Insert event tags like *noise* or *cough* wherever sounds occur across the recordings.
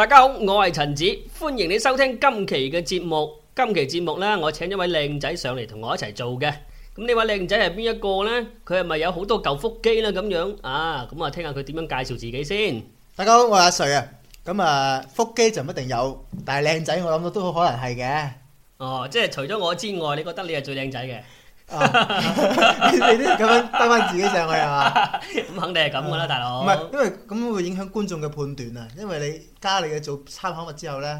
大家好，我係陳子，歡迎你收聽今期嘅節目。今期節目呢，我請一位靚仔上嚟同我一齊做嘅。咁呢位靚仔係邊一個呢？佢係咪有好多嚿腹肌呢？咁樣啊？咁啊，聽下佢點樣介紹自己先。大家好，我係阿瑞啊。咁啊，腹肌就唔一定有，但係靚仔，我諗到都好可能係嘅。哦，即係除咗我之外，你覺得你係最靚仔嘅？ *laughs* *laughs* *laughs* 你都啲咁樣堆翻自己上去係嘛？咁 *laughs* 肯定係咁噶啦，大佬、 *laughs* 啊。唔係，因為咁會影響觀眾嘅判斷啊！因為你加你嘅做參考物之後咧，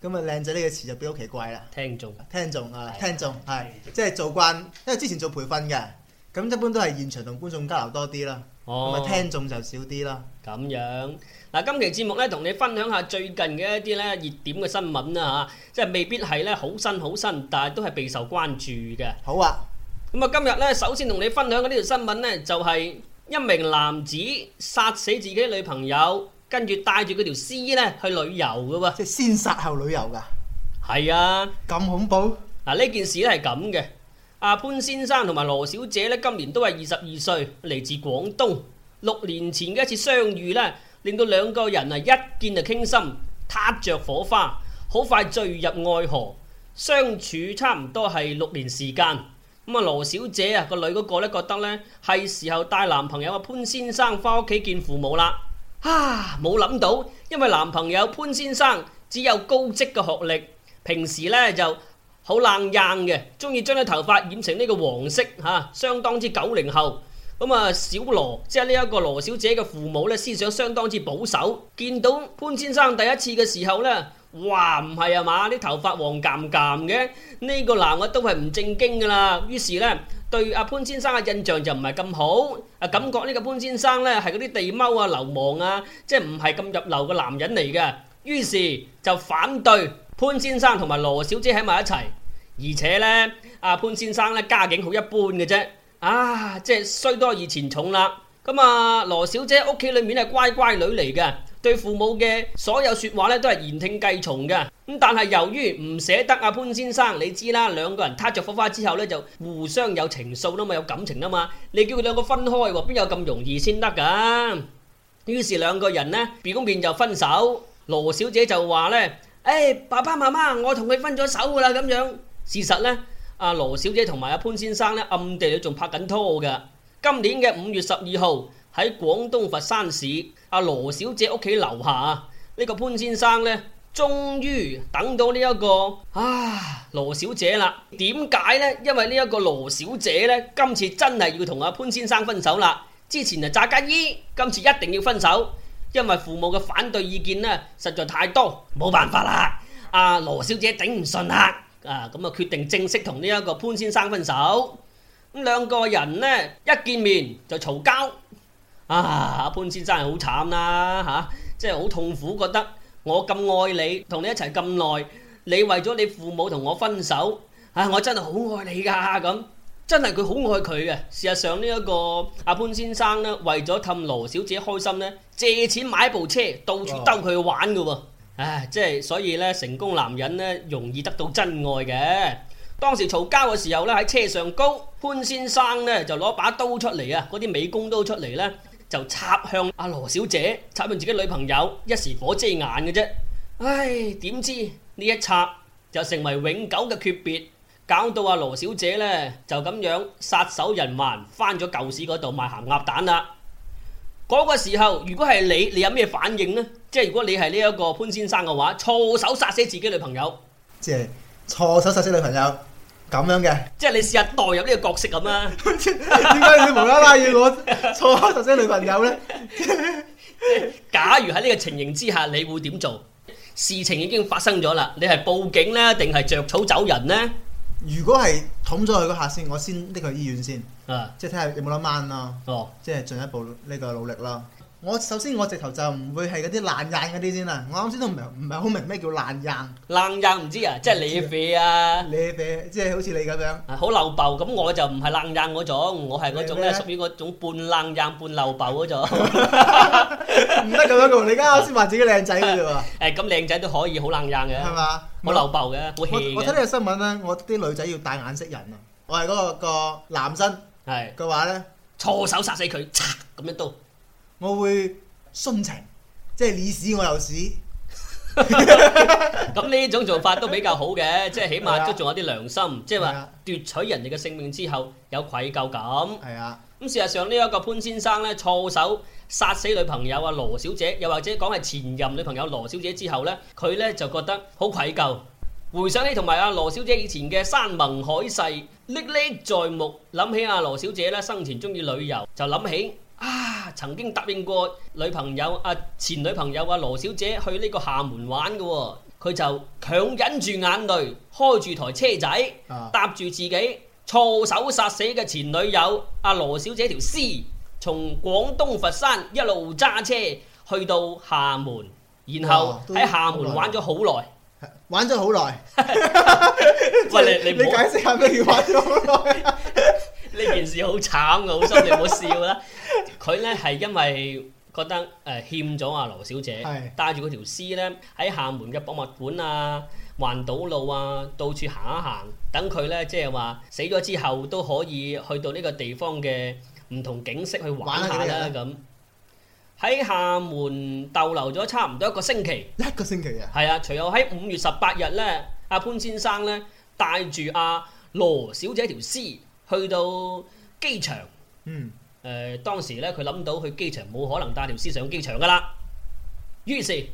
咁啊靚仔呢個詞就比較奇怪啦。聽眾中，聽眾中啊，聽眾係即係做慣，因為之前做培訓嘅，咁一般都係現場同觀眾交流多啲啦。哦，聽眾就少啲啦。咁樣嗱，今期節目咧，同你分享下最近嘅一啲咧熱點嘅新聞啦嚇，即係未必係咧好新好新，但係都係備受關注嘅。好啊，咁啊，今日咧首先同你分享嘅呢條新聞咧，就係一名男子殺死自己女朋友，跟住帶住佢條屍咧去旅遊嘅喎。即係先殺後旅遊㗎？係啊！咁恐怖？嗱，呢件事係咁嘅。阿潘先生同埋羅小姐咧，今年都係二十二歲，嚟自廣東。六年前嘅一次相遇咧，令到兩個人啊一見就傾心，撻着火花，好快墜入愛河。相處差唔多係六年時間。咁啊，羅小姐啊個女嗰個咧覺得咧係時候帶男朋友阿潘先生翻屋企見父母啦。啊，冇諗到，因為男朋友潘先生只有高職嘅學歷，平時咧就。好冷硬嘅，中意將啲頭髮染成呢個黃色吓，相當之九零後。咁啊，小羅即係呢一個羅小姐嘅父母咧，思想相當之保守。見到潘先生第一次嘅時候咧，哇唔係啊嘛，啲頭髮黃濘濘嘅，呢、這個男嘅都係唔正經噶啦。於是咧，對阿潘先生嘅印象就唔係咁好，啊感覺呢個潘先生咧係嗰啲地踎啊、流氓啊，即係唔係咁入流嘅男人嚟嘅。於是就反對。潘先生同埋羅小姐喺埋一齊，而且咧，阿潘先生咧家境好一般嘅啫，啊，即係衰多二錢重啦。咁啊，羅小姐屋企裏面係乖乖女嚟嘅，對父母嘅所有說話咧都係言聽計從嘅。咁但係由於唔捨得阿潘先生，你知啦，兩個人撻着火花之後咧就互相有情愫啦嘛，有感情啦嘛，你叫佢兩個分開喎，邊有咁容易先得噶？於是兩個人咧變咗變就分手，羅小姐就話咧。哎、爸爸媽媽，我同佢分咗手噶啦，咁樣事實呢，阿羅小姐同埋阿潘先生呢暗地裏仲拍緊拖噶。今年嘅五月十二號喺廣東佛山市阿羅小姐屋企樓下，呢個潘先生呢終於等到呢一個啊羅小姐啦。點解呢？因為呢一個羅小姐呢，今次真係要同阿潘先生分手啦。之前就詐假意，今次一定要分手。因為父母嘅反對意見呢，實在太多，冇辦法啦。阿羅小姐頂唔順啦，啊咁啊決定正式同呢一個潘先生分手。咁兩個人呢一見面就嘈交。啊潘先生係好慘啦、啊、吓，即係好痛苦，覺得我咁愛你，同你一齊咁耐，你為咗你父母同我分手、哎，啊我真係好愛你噶、啊、咁。啊真係佢好愛佢嘅，事實上呢一個阿潘先生呢，為咗氹羅小姐開心呢，借錢買部車，到處兜佢去玩嘅喎，唉，即係所以呢，成功男人呢，容易得到真愛嘅。當時嘈交嘅時候呢，喺車上高潘先生呢，就攞把刀出嚟啊，嗰啲美工刀出嚟呢，就插向阿羅小姐，插向自己女朋友，一時火遮眼嘅啫，唉，點知呢一插就成為永久嘅訣別。搞到阿羅小姐呢，就咁樣殺手人還翻咗舊市嗰度賣鹹鴨蛋啦！嗰個時候，如果係你，你有咩反應呢？即係如果你係呢一個潘先生嘅話，錯手殺死自己女朋友，即係錯手殺死女朋友咁樣嘅，即係你試下代入呢個角色咁啦、啊。點解 *laughs* 你無啦啦要我錯手殺死女朋友呢？ *laughs* 假如喺呢個情形之下，你會點做？事情已經發生咗啦，你係報警呢？定係着草走人呢？如果係捅咗佢嗰下先，我先拎去醫院先，是的即係睇下有冇得掹啦，哦、即係進一步呢個努力啦。我首先我直頭就唔會係嗰啲冷人嗰啲先啦，我啱先都唔唔係好明咩叫冷人。冷人唔知啊，即係你肥啊，你肥即係好似你咁樣，好溜爆咁，我就唔係冷人嗰種，我係嗰種咧屬於嗰種半冷人半溜爆嗰種。唔得咁樣噶，你而家啱先話自己靚仔噶啫喎。誒，咁靚仔都可以好冷人嘅，係嘛？好溜爆嘅，我睇呢個新聞咧，我啲女仔要帶眼識人啊。我係嗰個個男生，係佢話咧錯手殺死佢，咁一刀。我會殉情，即係你死我又死。咁呢種做法都比較好嘅，即係起碼都仲有啲良心，即係話奪取人哋嘅性命之後有愧疚感。係啊，咁事實上呢一個潘先生咧，錯手殺死女朋友阿羅小姐，又或者講係前任女朋友羅小姐之後咧，佢咧就覺得好愧疚。回想起同埋阿羅小姐以前嘅山盟海誓，歷歷在目。諗起阿羅小姐咧生前中意旅遊，就諗起。啊，曾經答應過女朋友啊，前女朋友啊，羅小姐去呢個廈門玩嘅，佢就強忍住眼淚，開住台車仔，搭住自己錯手殺死嘅前女友阿羅小姐條屍，從廣東佛山一路揸車去到廈門，然後喺廈門玩咗好耐，玩咗好耐。喂，你你， *laughs* 你解釋下咩叫玩咗好耐？ *laughs* 呢 *laughs* 件事好慘啊，好心你唔好笑啦。佢 *laughs* 呢係因為覺得誒、呃、欠咗阿羅小姐，帶住嗰條屍呢喺廈門嘅博物館啊、環島路啊，到處行一行，等佢呢，即係話死咗之後都可以去到呢個地方嘅唔同景色去玩下啦。咁喺廈門逗留咗差唔多一個星期，一個星期啊，係啊，除咗喺五月十八日呢，阿潘先生呢帶住阿羅小姐條屍。去到機場，嗯，誒、呃、當時咧，佢諗到去機場冇可能帶條屍上機場噶啦，於是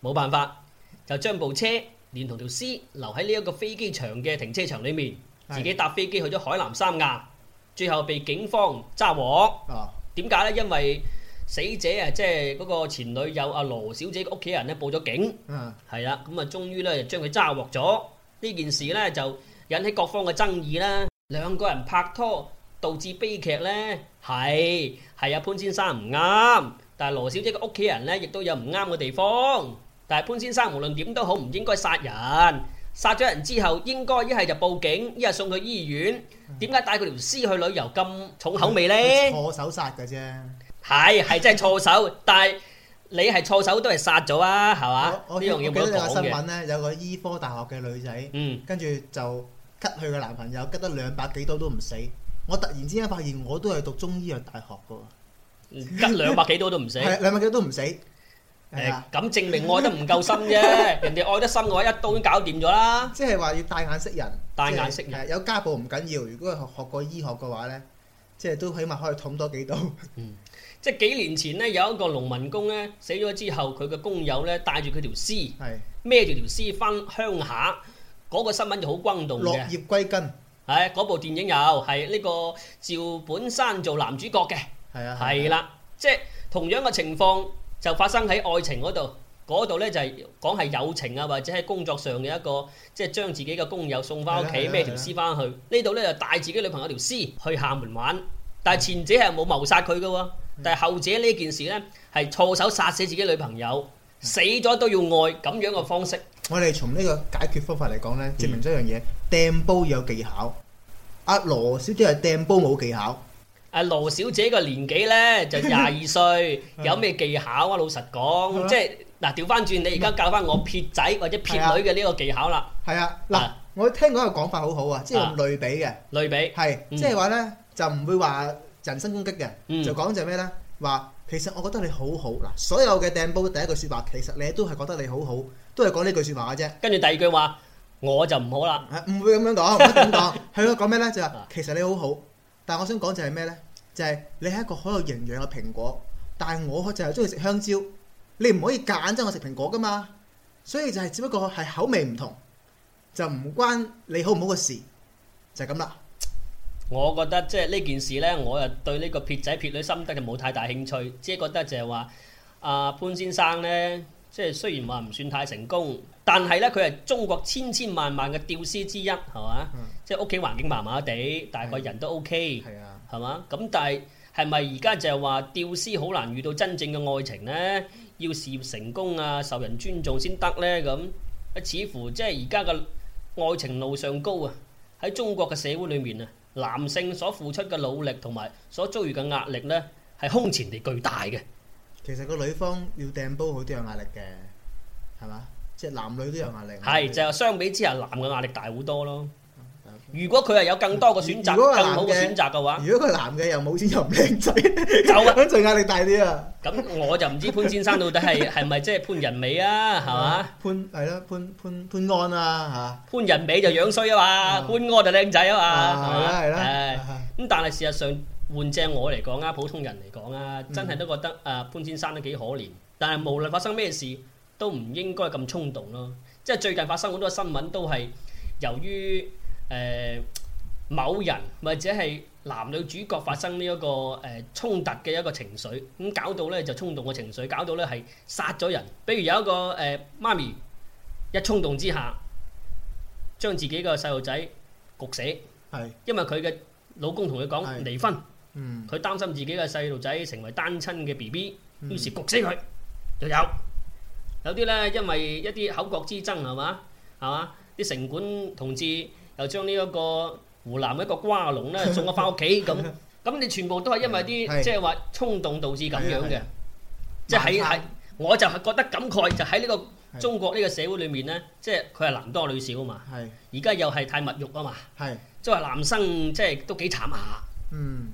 冇辦法就將部車連同條屍留喺呢一個飛機場嘅停車場裏面，的自己搭飛機去咗海南三亞，最後被警方揸獲。點解、哦、呢？因為死者啊，即係嗰個前女友阿羅小姐嘅屋企人咧報咗警，係啦、嗯，咁啊，終於咧就將佢揸獲咗，呢件事咧，就引起各方嘅爭議啦。兩個人拍拖導致悲劇呢？係係啊，潘先生唔啱。但係羅小姐嘅屋企人呢，亦都有唔啱嘅地方。但係潘先生無論點都好唔應該殺人，殺咗人之後應該一係就報警，一係送佢去醫院。點解帶佢條屍去旅遊咁重口味呢？錯手殺㗎啫，係係真係錯手， *laughs* 但係你係錯手都係殺咗啊，係嘛？我有有我記得有個新聞呢。有個醫、e、科大學嘅女仔，嗯、跟住就。拮佢嘅男朋友拮得兩百幾刀都唔死，我突然之間發現我都係讀中醫藥大學嘅喎，拮兩百幾刀都唔死，係兩百幾刀唔死。誒，咁證明愛得唔夠深啫。人哋愛得深嘅話，一刀都搞掂咗啦。即係話要帶眼識人，帶眼識人。有家暴唔緊要，如果係學過醫學嘅話咧，即係都起碼可以捅多幾刀。嗯，即係幾年前咧有一個農民工咧死咗之後，佢嘅工友咧帶住佢條屍，孭住條屍翻鄉下。嗰個新聞就好轟動嘅，落葉歸根，嗰部電影有，係呢個趙本山做男主角嘅，係啊，係啦，即係同樣嘅情況就發生喺愛情嗰度，嗰度呢就係講係友情啊，或者係工作上嘅一個，即係將自己嘅工友送翻屋企，孭條屍翻去，呢度呢就帶自己女朋友條屍去廈門玩，但係前者係冇謀殺佢嘅，但係後者呢件事呢，係錯手殺死自己女朋友，死咗都要愛咁樣嘅方式。我哋從呢個解決方法嚟講咧，證明咗一樣嘢，掟煲有技巧，阿羅小姐係掟煲冇技巧。阿羅小姐個年紀咧就廿二歲，有咩技巧？老實講，即係嗱調翻轉，你而家教翻我撇仔或者撇女嘅呢個技巧啦。係啊，嗱，我聽過一個講法好好啊，即係用類比嘅，類比係，即係話咧就唔會話人身攻擊嘅，就講就係咩咧？話其實我覺得你好好。嗱，所有嘅掟煲第一句說話，其實你都係覺得你好好。都係講呢句說話嘅啫，跟住第二句話我就唔好啦，唔會咁樣講，唔會咁講，係咯，講咩呢？就係其實你好好，但係我想講就係咩呢？就係你係一個好有營養嘅蘋果，但係我就係中意食香蕉，你唔可以夾硬爭我食蘋果噶嘛，所以就係只不過係口味唔同，就唔關你好唔好嘅事，就係咁啦。我覺得即係呢件事呢，我又對呢個撇仔撇女心得就冇太大興趣，只係覺得就係話阿潘先生呢。即係雖然話唔算太成功，但係咧佢係中國千千萬萬嘅吊絲之一，係嘛？嗯、即係屋企環境麻麻地，嗯、大概人都 O K，係啊，係嘛？咁但係係咪而家就係話吊絲好難遇到真正嘅愛情呢？要事業成功啊，受人尊重先得呢？咁似乎即係而家嘅愛情路上高啊！喺中國嘅社會裏面啊，男性所付出嘅努力同埋所遭遇嘅壓力呢，係空前地巨大嘅。其實個女方要掟煲好都有壓力嘅，係嘛？即係男女都有壓力。係就係相比之下，男嘅壓力大好多咯。如果佢係有更多嘅選擇，更好嘅選擇嘅話，如果個男嘅又冇錢又唔靚仔，就壓力大啲啊。咁我就唔知潘先生到底係係咪即係潘仁美啊？係嘛？潘係咯，潘潘潘安啊吓？潘仁美就樣衰啊嘛，潘安就靚仔啊嘛，係啦係啦。咁但係事實上。換隻我嚟講啊，普通人嚟講啊，嗯、真係都覺得啊潘先生都幾可憐。但係無論發生咩事，都唔應該咁衝動咯。即係最近發生好多新聞，都係由於誒、呃、某人或者係男女主角發生呢、這、一個誒、呃、衝突嘅一個情緒，咁搞到咧就衝動嘅情緒，搞到咧係殺咗人。比如有一個誒、呃、媽咪一衝動之下，將自己個細路仔焗死，係是的 因為佢嘅老公同佢講離婚。嗯，佢擔心自己嘅細路仔成為單親嘅 BB，於是焗死佢，又有有啲咧，因為一啲口角之爭係嘛係嘛，啲城管同志又將呢一個湖南一個瓜農咧送咗返屋企咁，咁你全部都係因為啲即係話衝動導致咁樣嘅，即係係，我就係覺得感慨，就喺呢個中國呢個社會裏面咧，即係佢係男多女少啊嘛，係而家又係太物欲啊嘛，係作為男生即係都幾慘下，嗯。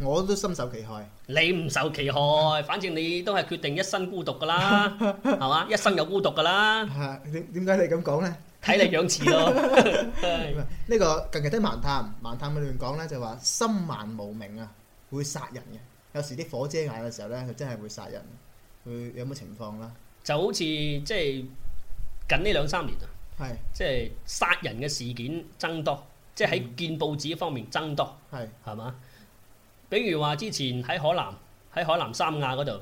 我都深受其害。你唔受其害， *laughs* 反正你都係決定一生孤獨噶啦，係嘛？ *laughs* 一生有孤獨噶啦。係。點？點解你咁講咧？睇你樣子咯。呢個近期啲盲探，盲探裡面講咧，就話心盲無明啊，會殺人嘅。有時啲火遮眼嘅時候咧，佢真係會殺人。佢有乜情況啦？就好似即係近呢兩三年啊，係即係殺人嘅事件增多，即係喺見報紙方面增多，係。係嘛？是比如話之前喺海南喺海南三亞嗰度，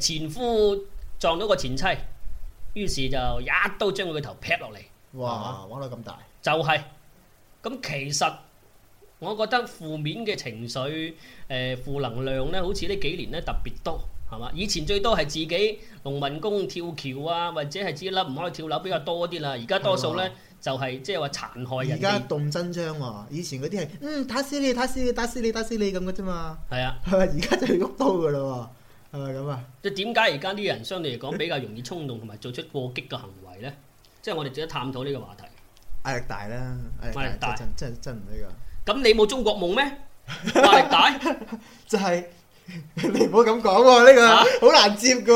前夫撞到個前妻，於是就一刀將佢個頭劈落嚟。哇！吧玩到咁大，就係、是、咁。其實我覺得負面嘅情緒、誒、呃、負能量咧，好似呢幾年咧特別多，係嘛？以前最多係自己農民工跳橋啊，或者係自己甩唔開跳樓比較多啲啦。而家多數咧。就係即係話殘害人而家，動真章啊！以前嗰啲係嗯，打死你打死你打死你打死你咁嘅啫嘛，係啊，而家就係喐刀噶啦，係咪咁啊？即係點解而家啲人相對嚟講比較容易衝動同埋做出過激嘅行為咧？即係我哋值得探討呢個話題。壓力大啦，壓力大真係真唔呢個。咁你冇中國夢咩？壓力大 *laughs* 就係。你唔好咁講喎，呢個好難接噶。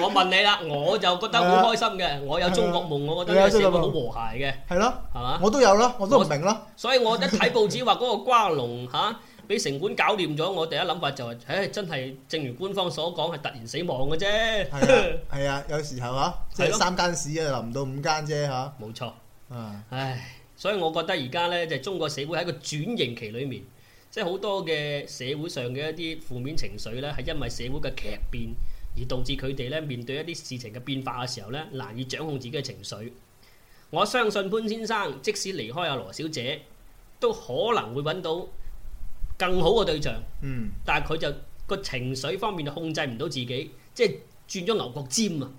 我問你啦，我就覺得好開心嘅。我有中國夢，我覺得呢個社會好和諧嘅。係咯，係嘛？我都有啦，我都唔明啦。所以我一睇報紙話嗰個瓜農吓俾城管搞掂咗，我第一諗法就係，唉，真係正如官方所講係突然死亡嘅啫。係啊，係啊，有時候吓即係三間屎啊，淋到五間啫吓。冇錯，啊，唉，所以我覺得而家呢就係中國社會喺一個轉型期裏面。即係好多嘅社會上嘅一啲負面情緒咧，係因為社會嘅劇變而導致佢哋咧面對一啲事情嘅變化嘅時候咧，難以掌控自己嘅情緒。我相信潘先生即使離開阿羅小姐，都可能會揾到更好嘅對象。嗯，但係佢就個情緒方面就控制唔到自己，即係轉咗牛角尖啊，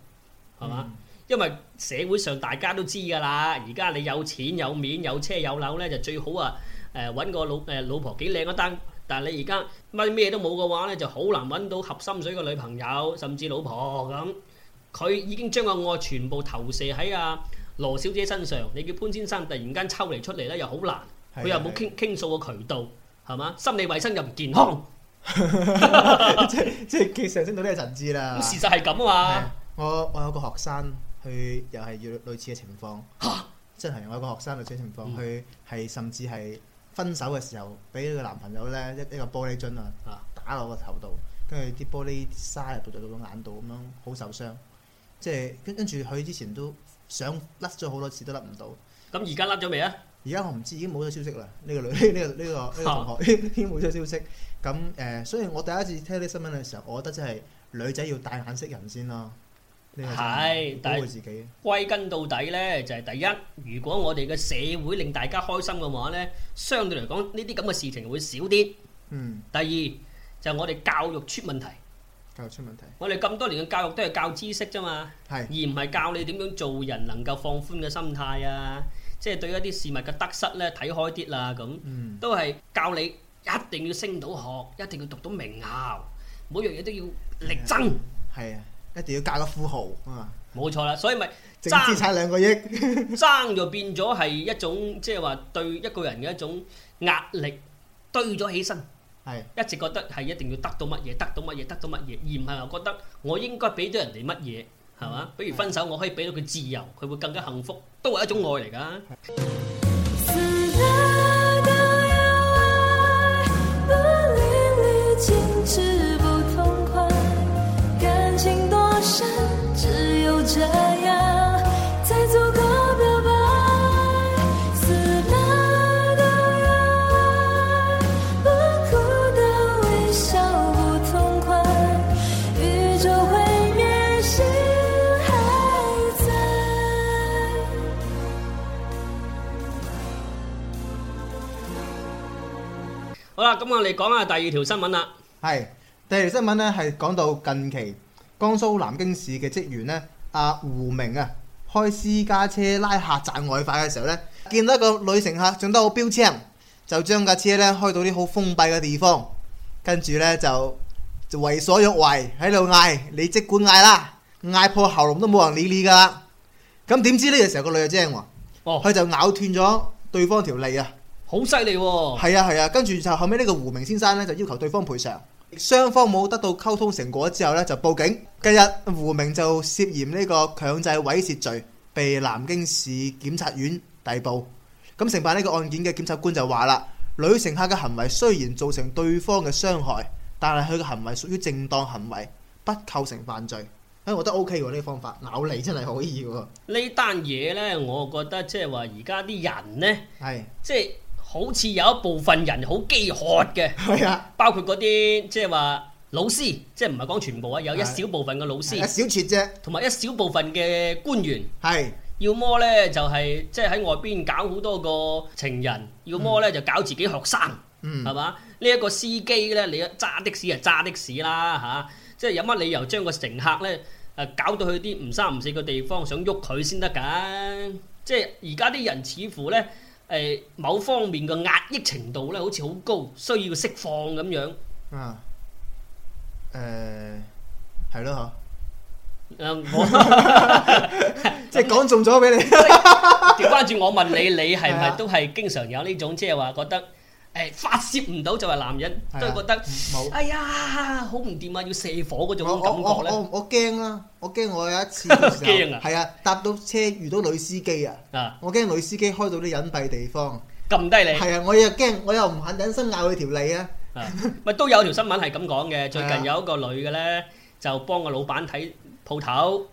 係嘛？嗯，因為社會上大家都知㗎啦，而家你有錢有面有車有樓咧，就最好啊！誒，揾、呃、個老誒老婆幾靚一單，但係你而家乜咩都冇嘅話咧，就好難揾到合心水嘅女朋友，甚至老婆咁。佢已經將個愛全部投射喺阿羅小姐身上，你叫潘先生突然間抽離出嚟咧，又好難。佢又冇傾傾訴嘅渠道，係嘛？心理衛生又唔健康。即即係上升到呢個層次啦。事實係咁啊嘛。我我有個學生，佢又係要類似嘅情況，吓哈，即係我有個學生類似嘅情況，佢係、嗯、甚至係。分手嘅時候，俾呢個男朋友咧一一個玻璃樽啊，打落個頭度，跟住啲玻璃沙入到咗個眼度，咁樣好受傷。即係跟跟住佢之前都想甩咗好多次，都甩唔到。咁而家甩咗未啊？而家我唔知，已經冇咗消息啦。呢、這個女呢、這個呢、這個呢、這個同學 *laughs* *laughs* 已經冇咗消息。咁誒、呃，所以我第一次聽呢啲新聞嘅時候，我覺得即係女仔要帶眼識人先囉。係，但係歸根到底咧，就係第一，如果我哋嘅社會令大家開心嘅話咧，相對嚟講呢啲咁嘅事情會少啲。嗯。第二就係我哋教育出問題。教育出問題。我哋咁多年嘅教育都係教知識啫嘛。係。而唔係教你點樣做人，能夠放寬嘅心態啊，即係對一啲事物嘅得失咧睇開啲啦咁。嗯。都係教你一定要升到學，一定要讀到名校，每樣嘢都要力爭。係啊。一定要嫁個富豪，啊，冇錯啦，所以咪爭資產兩個億， *laughs* 爭就變咗係一種，即係話對一個人嘅一種壓力堆咗起身，係是的 一直覺得係一定要得到乜嘢，得到乜嘢，得到乜嘢，而唔係話覺得我應該俾咗人哋乜嘢，係嘛？比如分手我可以俾到佢自由，佢會更加幸福，都係一種愛嚟㗎。我哋講下第二條新聞啦，係第二條新聞呢，係講到近期江蘇南京市嘅職員呢，阿、啊、胡明啊，開私家車拉客賺外快嘅時候呢，見到一個女乘客長得好標青，就將架車呢開到啲好封閉嘅地方，跟住呢，就就為所欲為喺度嗌，你即管嗌啦，嗌破喉嚨都冇人理你噶。咁點知呢個時候個女又精喎，佢、哦、就咬斷咗對方條脷啊！好犀利喎！係啊係啊，跟住、啊、就後尾呢個胡明先生呢，就要求對方賠償，雙方冇得到溝通成果之後呢，就報警。近日胡明就涉嫌呢個強制猥褻罪罪，被南京市檢察院逮捕。咁承辦呢個案件嘅檢察官就話啦：女乘客嘅行為雖然造成對方嘅傷害，但係佢嘅行為屬於正當行為，不構成犯罪。咁、欸、我覺得 O K 喎，呢、這個方法咬你真係可以喎。呢單嘢呢，我覺得即係話而家啲人呢。係即係。就係好似有一部分人好飢渴嘅，係啊，包括嗰啲即係話老師，即係唔係講全部啊，有一小部分嘅老師，一小撮啫，同埋一小部分嘅官員，係，要麼咧就係即係喺外邊搞好多個情人，要麼咧就搞自己學生，嗯，係嘛？呢一個司機咧，你揸的士就揸的士啦，吓，即係有乜理由將個乘客咧誒搞到去啲唔三唔四嘅地方想喐佢先得噶？即係而家啲人似乎咧。誒某方面嘅壓抑程度咧，好似好高，需要釋放咁樣。啊，誒，係咯嚇。誒，我即係講中咗俾你。調翻轉，我問你，你係咪都係經常有呢種，即係話覺得？誒，發洩唔到就係男人，都係覺得，哎呀，好唔掂啊，要射火嗰種感覺咧。我我我我驚啊！我驚我有一次嘅時候，係啊，搭到車遇到女司機啊，我驚女司機開到啲隱蔽地方，撳低你。係啊，我又驚我又唔肯忍心咬佢條脷啊。咪都有條新聞係咁講嘅，最近有一個女嘅咧就幫個老闆睇鋪頭，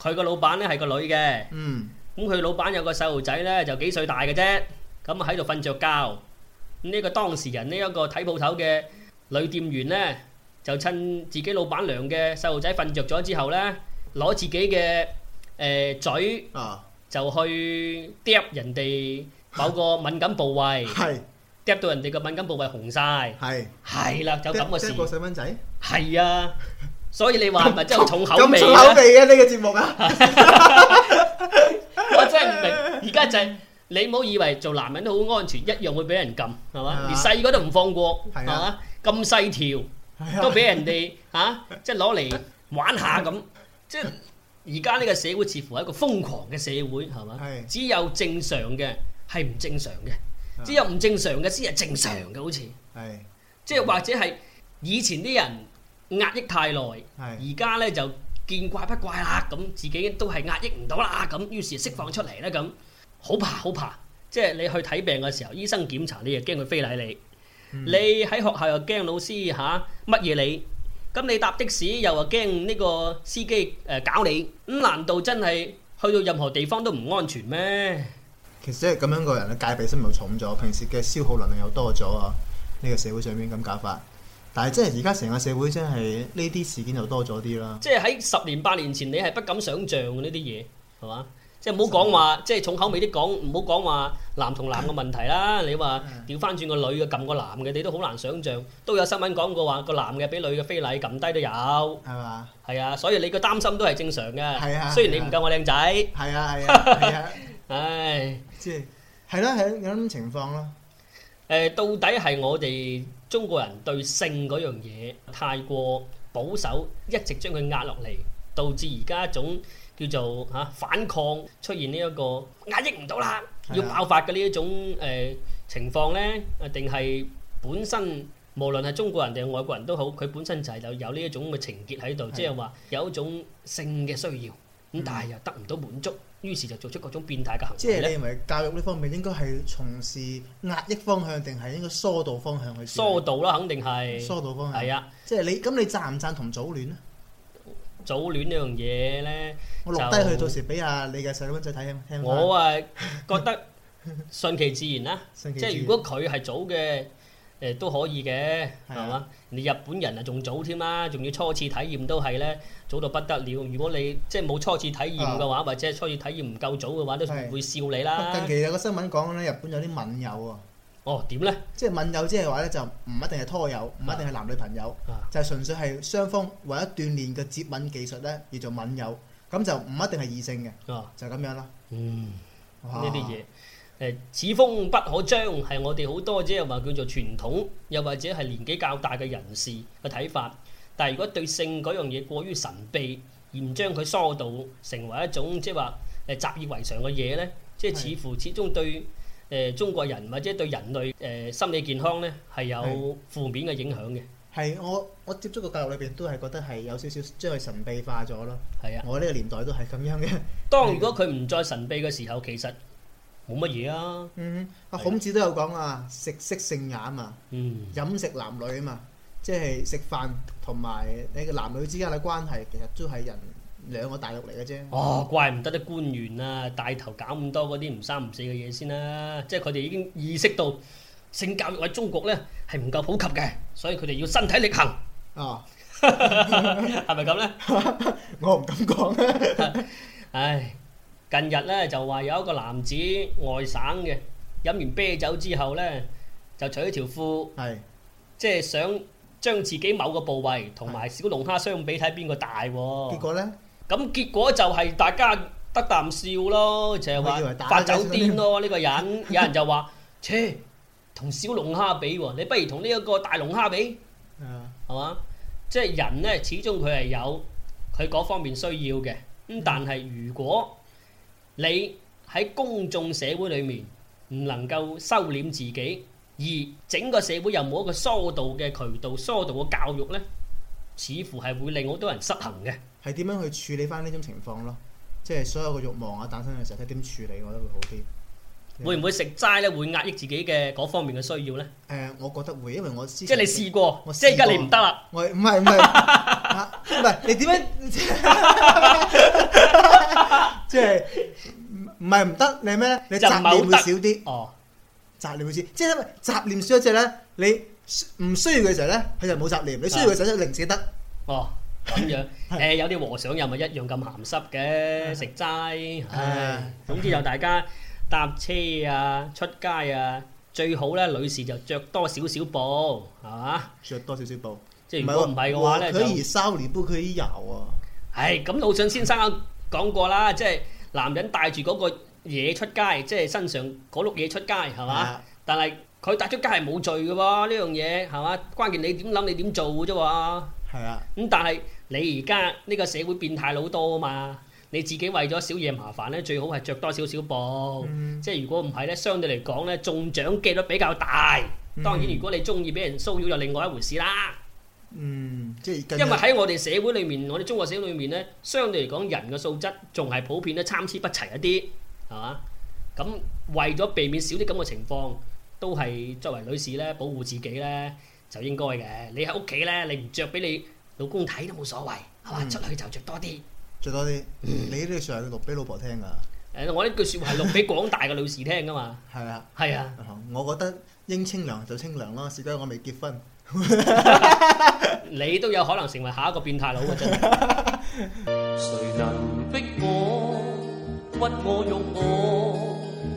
佢個老闆咧係個女嘅，嗯，咁佢老闆有個細路仔咧就幾歲大嘅啫，咁喺度瞓着覺。呢個當事人呢，一個睇鋪頭嘅女店員呢，就趁自己老闆娘嘅細路仔瞓著咗之後呢，攞自己嘅誒嘴就去嗒人哋某個敏感部位，嗒到人哋嘅敏感部位紅晒，係係啦，就咁個事。一個細蚊仔。係啊，所以你話係咪真係重口味？咁重口味啊，呢個節目啊！我真係唔明，而家就係。你唔好以為做男人都好安全，一樣會俾人撳，係嘛？啊、連細個都唔放過，係嘛、啊？撳細、啊、條、啊、都俾人哋嚇、 *laughs* 啊就是，即係攞嚟玩下咁。即係而家呢個社會似乎係一個瘋狂嘅社會，係嘛？是只有正常嘅係唔正常嘅，啊、只有唔正常嘅先係正常嘅，好似係是即係或者係以前啲人壓抑太耐，而家是呢就見怪不怪啦，咁自己都係壓抑唔到啦，咁於是釋放出嚟啦咁。好怕好怕，即係你去睇病嘅時候，醫生檢查你又驚佢非禮你，嗯、你喺學校又驚老師吓乜嘢你，咁你搭的士又話驚呢個司機誒、呃、搞你，咁難道真係去到任何地方都唔安全咩？其實即係咁樣個人嘅戒備心又重咗，平時嘅消耗能量又多咗啊！呢個社會上面咁搞法，但係即係而家成個社會真係呢啲事件又多咗啲啦。即係喺十年八年前，你係不敢想象呢啲嘢，係嘛？即係唔好講話，即係重口味啲講，唔好講話男同男嘅問題啦。你話調翻轉個女嘅撳個男嘅，你都好難想象，都有新聞講過話個男嘅俾女嘅非禮撳低都有，係嘛？係啊，所以你嘅擔心都係正常嘅。係啊，雖然你唔夠我靚仔。係啊係啊係啊！唉，即係係咯係咯有咁樣情況咯。誒，到底係我哋中國人對性嗰樣嘢太過保守，一直將佢壓落嚟，導致而家一種叫做嚇、啊、反抗出現呢一個壓抑唔到啦，是的 要爆發嘅呢一種誒、呃、情況咧，定係本身無論係中國人定係外國人都好，佢本身就係有呢一種嘅情結喺度，即係話有一種性嘅需要，咁但係又得唔到滿足，嗯、於是就做出各種變態嘅行為。即係你認為教育呢方面應該係從事壓抑方向，定係應該疏導方向去？疏導啦，肯定係疏導方向。係啊是的，即係你咁，你贊唔贊同早戀咧？早戀呢樣嘢呢，我就我落低去到時俾下你嘅細蚊仔睇下，我啊覺得順其自然啦、啊， *laughs* 自然即係如果佢係早嘅、欸，都可以嘅，係嘛是的 吧？你日本人啊仲早添啦，仲要初次體驗都係呢，早到不得了。如果你即係冇初次體驗嘅話，啊、或者初次體驗唔夠早嘅話，都唔會笑你啦、啊。近期有個新聞講咧，日本有啲敏友啊。哦，點呢？即係吻友，即係話呢，就唔一定係拖友，唔、啊、一定係男女朋友，啊、就係純粹係雙方為咗鍛鍊嘅接吻技術呢，要做吻友，咁就唔一定係異性嘅，啊、就係咁樣啦。嗯，呢啲嘢，誒，此、呃、風不可長，係我哋好多即係話叫做傳統，又或者係年紀較大嘅人士嘅睇法。但係如果對性嗰樣嘢過於神秘，而唔將佢疏導成為一種即係話誒習以為常嘅嘢呢，即係似乎始終對。誒，中國人或者對人類誒心理健康咧，係有負面嘅影響嘅。係我我接觸嘅教育裏邊，都係覺得係有少少將佢神秘化咗咯。係啊，我呢個年代都係咁樣嘅。當如果佢唔再神秘嘅時候，其實冇乜嘢啊。嗯，啊孔子都有講啊，食色性也啊嘛。嗯，飲食男女啊嘛，即係食飯同埋你個男女之間嘅關係，其實都係人。兩個大陸嚟嘅啫。哦，怪唔得啲官員啊，帶頭搞咁多嗰啲唔三唔四嘅嘢先啦、啊。即係佢哋已經意識到性教育喺中國咧係唔夠普及嘅，所以佢哋要身體力行。啊，係咪咁呢？ *laughs* 我唔敢講咧。唉，近日咧就話有一個男子外省嘅飲完啤酒之後咧，就除咗條褲，即係是 想將自己某個部位同埋小龍蝦相比睇邊個大、啊。結果咧？咁結果就係大家得啖笑咯，就係話發酒癲咯呢個人。有人就話：切，同小龍蝦比喎，你不如同呢一個大龍蝦比，係嘛、嗯？即係人呢，始終佢係有佢嗰方面需要嘅。咁但係如果你喺公眾社會裏面唔能夠收斂自己，而整個社會又冇一個疏導嘅渠道、疏導嘅教育呢。」似乎係會令好多人失衡嘅，係點樣去處理翻呢種情況咯？即係所有嘅欲望啊，誕生嘅時候睇點處理，我覺得會好啲。會唔會食齋咧？會壓抑自己嘅嗰方面嘅需要咧？誒、呃，我覺得會，因爲我即係你試過，我試過即係而家你唔得啦，我唔係唔係，唔係、 *laughs* 啊、你點樣？即係唔係唔得？你咩咧？你雜念會少啲哦，雜念會少，即係因爲雜念少咗之後咧，你。唔需要嘅時候咧，佢就冇雜念；你需要嘅時候，就零舍得。哦，咁樣，誒， *laughs* 有啲和尚又咪一樣咁咸濕嘅，食齋。唉的，總之就大家搭車啊，出街啊，最好咧，女士就着多少少布，係嘛？着多少少布，即係如果唔係嘅話咧，都可以騷你，不可以揉啊。唉、哎，咁魯迅先生講過啦，即係的男人帶住嗰個嘢出街，即、就、係、是、身上嗰碌嘢出街，係嘛？的但係。佢打出街係冇罪嘅喎，呢樣嘢係嘛？關鍵你點諗，你點做嘅啫喎。係是啊、嗯，咁但係你而家呢個社會變態老多啊嘛，你自己為咗少嘢麻煩咧，最好係着多少少布。嗯、即係如果唔係咧，相對嚟講咧，中獎機率比較大。嗯、當然，如果你中意俾人騷擾，又另外一回事啦。嗯，即係因為喺我哋社會裏面，我哋中國社會裏面咧，相對嚟講人嘅素質仲係普遍都參差不齊一啲係嘛？咁為咗避免少啲咁嘅情況。都係作為女士咧，保護自己咧就應該嘅。你喺屋企咧，你唔着俾你老公睇都冇所謂，係嘛，嗯？出去就着多啲，着多啲。嗯、你呢句説話錄俾老婆聽㗎。誒、呃，我呢句説話係錄俾廣大嘅女士聽㗎嘛。係 *laughs* 啊，係啊。我覺得應清涼就清涼咯，事關我未結婚， *laughs* *laughs* 你都有可能成為下一個變態佬㗎啫。 *laughs* 誰能逼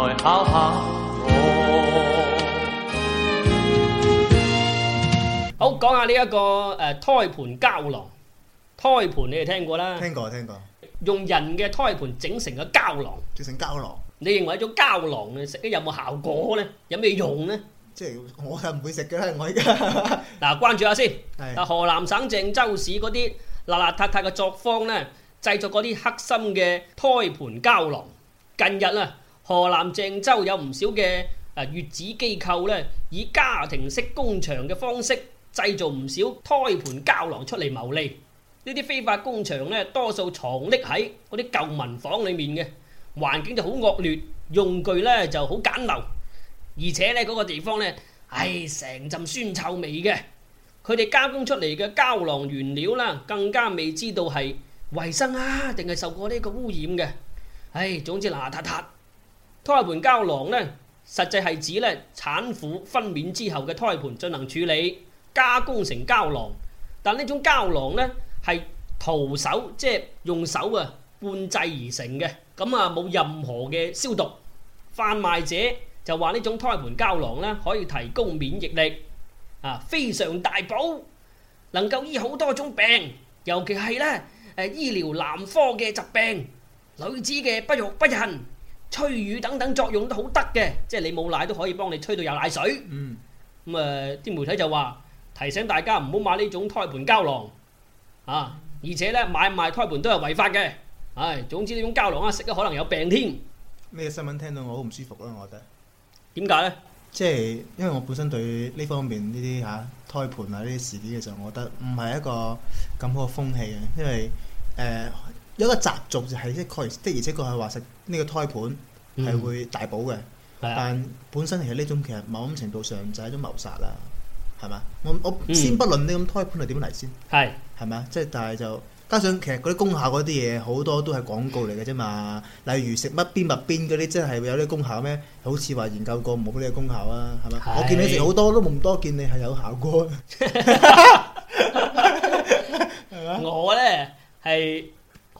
好講下呢一個誒胎盤膠囊，胎盤你哋聽過啦？聽過聽過，用人嘅胎盤整成個膠囊，整成膠囊，你認為一種膠囊嘅食有冇效果呢？有咩用呢？即係我係唔會食嘅啦，我而家嗱關注下先。係河南省鄭州市嗰啲邋邋遢遢嘅作坊呢，製作嗰啲黑心嘅胎盤膠囊，近日啊。河南鄭州有唔少嘅啊月子機構咧，以家庭式工場嘅方式製造唔少胎盤膠囊出嚟牟利。呢啲非法工場咧，多數藏匿喺嗰啲舊民房裏面嘅，環境就好惡劣，用具咧就好簡陋，而且咧嗰個地方咧，唉，成陣酸臭味嘅。佢哋加工出嚟嘅膠囊原料啦，更加未知道係衛生啊，定係受過呢個污染嘅。唉，總之邋邋遢遢。胎盤膠囊咧，實際係指咧產婦分娩之後嘅胎盤進行處理加工成膠囊，但呢種膠囊咧係徒手即係用手啊灌製而成嘅，咁啊冇任何嘅消毒。販賣者就話呢種胎盤膠囊啦，可以提高免疫力，啊非常大補，能夠醫好多種病，尤其係咧誒醫療男科嘅疾病，女子嘅不育不孕。吹乳等等作用都好得嘅，即係你冇奶都可以幫你吹到有奶水。嗯，嗯，咁啊，啲媒體就話提醒大家唔好買呢種胎盤膠囊啊，而且呢買賣胎盤都係違法嘅。唉、哎，總之呢種膠囊啊食得可能有病添。咩新聞聽到我好唔舒服啊！我覺得，點解呢？即係因為我本身對呢方面呢啲吓胎盤啊呢啲事件嘅時候，我覺得唔係一個咁好嘅風氣啊，因為誒。呃有一個習俗就係即係，的而且確係話食呢個胎盤係會大補嘅。嗯、但本身其實呢種其實某程度上就係一種謀殺啦，係嘛？我我先不論呢咁胎盤係點嚟先，係係咪？即係但係就加上其實嗰啲功效嗰啲嘢，好多都係廣告嚟嘅啫嘛。例如食乜邊物邊嗰啲，即係會有啲功效咩？好似話研究過冇呢個功效啊，係咪？是我見你食好多都冇咁多，見你係有效果。我咧係。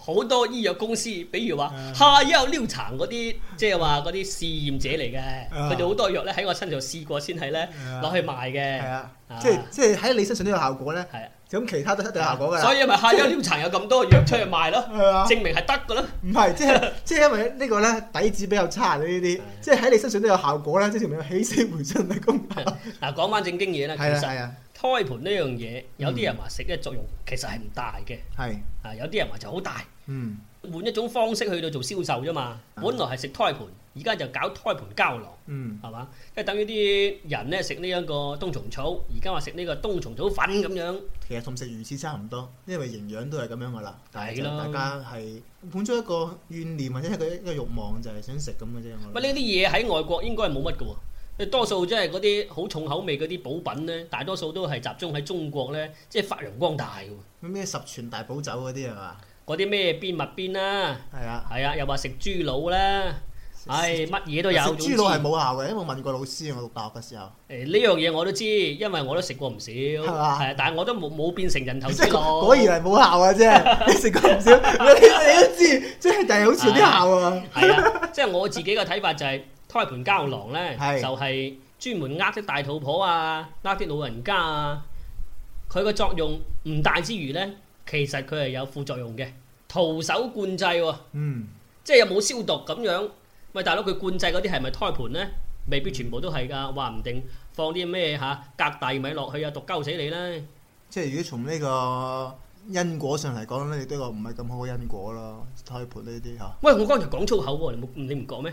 好多醫藥公司，比如話夏悠尿殘嗰啲，即係話嗰啲試驗者嚟嘅，佢哋好多藥咧喺我身上試過先係咧，攞去賣嘅。係啊，即係即係喺你身上都有效果咧。係啊，咁其他都一定有效果嘅。所以咪夏悠尿殘有咁多藥出去賣咯，證明係得噶咯。唔係，即係即係因為呢個咧底子比較差呢啲，即係喺你身上都有效果啦，即係叫做起死回生嘅功能。嗱，講翻正經嘢啦，係啊。胎盤呢樣嘢，有啲人話食嘅作用其實係唔大嘅，係啊、嗯、有啲人話就好大，嗯，換一種方式去到做銷售啫嘛。嗯、本來係食胎盤，而家就搞胎盤膠囊，嗯，係嘛？即、就、係、係、等於啲人咧食呢一個冬蟲草，而家話食呢個冬蟲草粉咁樣，其實同食魚翅差唔多，因為營養都係咁樣噶啦。係咯，大家係滿足一個怨念或者一個一個慾望就，就係想食咁嘅啫。喂，呢啲嘢喺外國應該係冇乜噶喎？佢多數即係嗰啲好重口味嗰啲補品咧，大多數都係集中喺中國咧，即係發揚光大嘅。咩十全大補酒嗰啲係嘛？嗰啲咩鞭物鞭啦？係啊，係啊的，又話食豬腦啦，唉吃，乜嘢、哎、都有。食豬腦係冇效嘅，因為我問過老師，我讀大學嘅時候。誒呢樣嘢我都知，因為我都食過唔少係啊吧，但係我都冇冇變成人頭豬腦，果然係冇效嘅啫。 *laughs* 你食過唔少，你都知，即係但係好似啲效啊。係啊的，即係、 *laughs* 就是、我自己嘅睇法就係、是。胎盤膠囊咧就係專門呃啲大肚婆啊、呃啲老人家啊，佢個作用唔大之餘咧，其實佢係有副作用嘅，徒手灌製喎、哦，嗯、即係有冇消毒咁樣。咪大佬佢灌製嗰啲係咪胎盤咧？未必全部都係㗎，話唔定放啲咩嚇隔大米落去啊，毒鳩死你啦！即係如果從呢個因果上嚟講咧，你都話唔係咁好嘅因果咯，胎盤呢啲嚇。喂，我剛才講粗口喎，你冇你唔覺咩？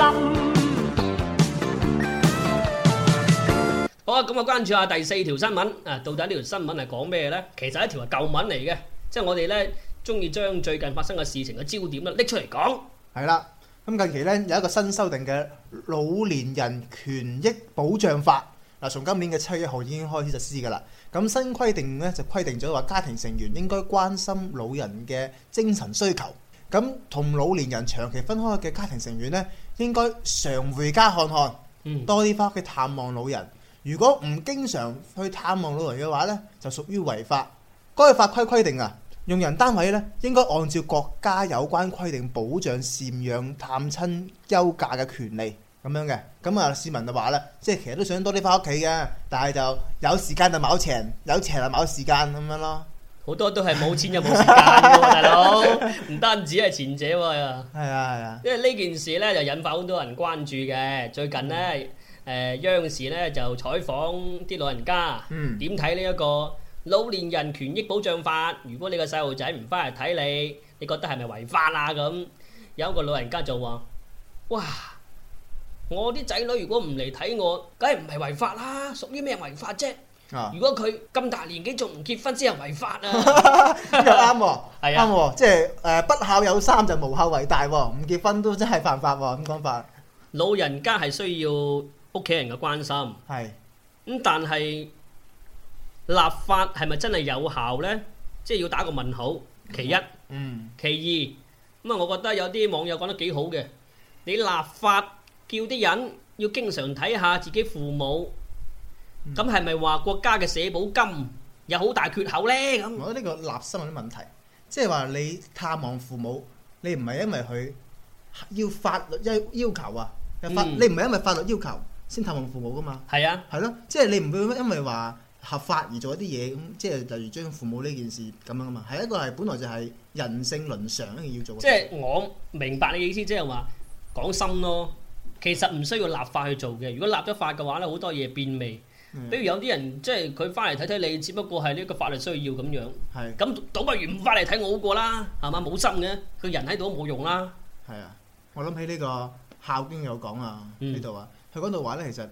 好啊，咁啊，關注下第四條新聞啊，到底呢條新聞係講咩呢？其實一條舊聞嚟嘅，即係我哋呢中意將最近發生嘅事情嘅焦點呢拎出嚟講。係啦，咁近期呢，有一個新修訂嘅老年人權益保障法，嗱，從今年嘅七月一號已經開始實施噶啦。咁新規定呢，就規定咗話，家庭成員應該關心老人嘅精神需求。咁同老年人長期分開嘅家庭成員呢，應該常回家看看，多啲翻屋企探望老人。如果唔經常去探望老人嘅話呢，就屬於違法。該法規規定啊，用人單位呢，應該按照國家有關規定保障贍養探親休假嘅權利咁樣嘅。咁啊，市民就話呢，即係其實都想多啲翻屋企嘅，但係就有時間就冇錢，有錢就冇時間咁樣咯。好多都係冇錢又冇時間。 *laughs* 大佬唔單止係前者喎，係啊係啊，因為呢件事咧就引發好多人關注嘅。最近咧，誒、嗯呃、央視咧就採訪啲老人家，點睇呢一個老年人權益保障法？如果你個細路仔唔翻嚟睇你，你覺得係咪違法啊？咁有一個老人家就話：哇，我啲仔女如果唔嚟睇我，梗係唔係違法啦，屬於咩違法啫？啊！如果佢咁大年紀仲唔結婚，真係違法啊！啱喎，係啊，即係誒不孝有三，就無孝為大喎，唔結婚都真係犯法喎，咁講法。老人家係需要屋企人嘅關心，係咁是，但係立法係咪真係有效呢？即係要打個問號。其一，嗯，其二，咁啊，我覺得有啲網友講得幾好嘅，你立法叫啲人要經常睇下自己父母。咁係咪話國家嘅社保金有好大缺口咧？咁我覺得呢個立心有啲問題，即係話你探望父母，你唔係因為佢要法律要要求啊，法、嗯、你唔係因為法律要求先探望父母噶嘛？係、嗯、是啊，啊，係咯，即係你唔會因為話合法而做一啲嘢，咁即係例如將父母呢件事咁樣嘛，係一個係本來就係人性倫常一定要做嘅。即係我明白你意思，即係話講心咯，其實唔需要立法去做嘅。如果立咗法嘅話咧，好多嘢變味。嗯、比如有啲人即係佢翻嚟睇睇你，只不過係呢個法律需要咁樣。係咁是，倒不如唔翻嚟睇我好過啦，係嘛？冇心嘅，佢人喺度都冇用啦。係啊，我諗起這個孝、嗯、這呢個《孝經》有講啊，呢度啊，佢講到話咧，其實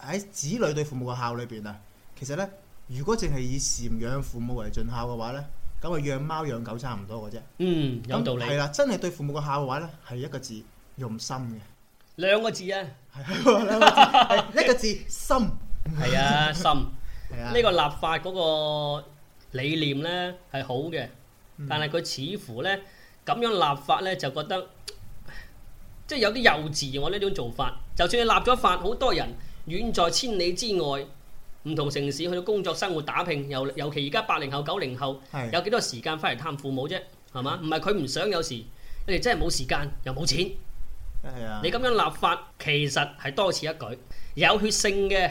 喺子女對父母嘅孝裏邊啊，其實咧，如果淨係以贍養父母為盡孝嘅話咧，咁啊，養貓養狗差唔多嘅啫。嗯，有道理。係啦、啊，真係對父母嘅孝嘅話咧，係一個字用心嘅。兩個字啊，係兩個字，係 *laughs* 一個字心。係 *laughs* 啊，深呢、啊、個立法嗰個理念呢係好嘅，但係佢似乎呢咁樣立法呢，就覺得即係、就是、有啲幼稚。我呢種做法，就算你立咗法，好多人遠在千里之外，唔同城市去到工作、生活、打拼，尤尤其而家八零後、九零後，是有幾多時間翻嚟探父母啫？係嘛？唔係佢唔想，有時佢哋真係冇時間，又冇錢。啊、你咁樣立法其實係多此一舉，有血性嘅。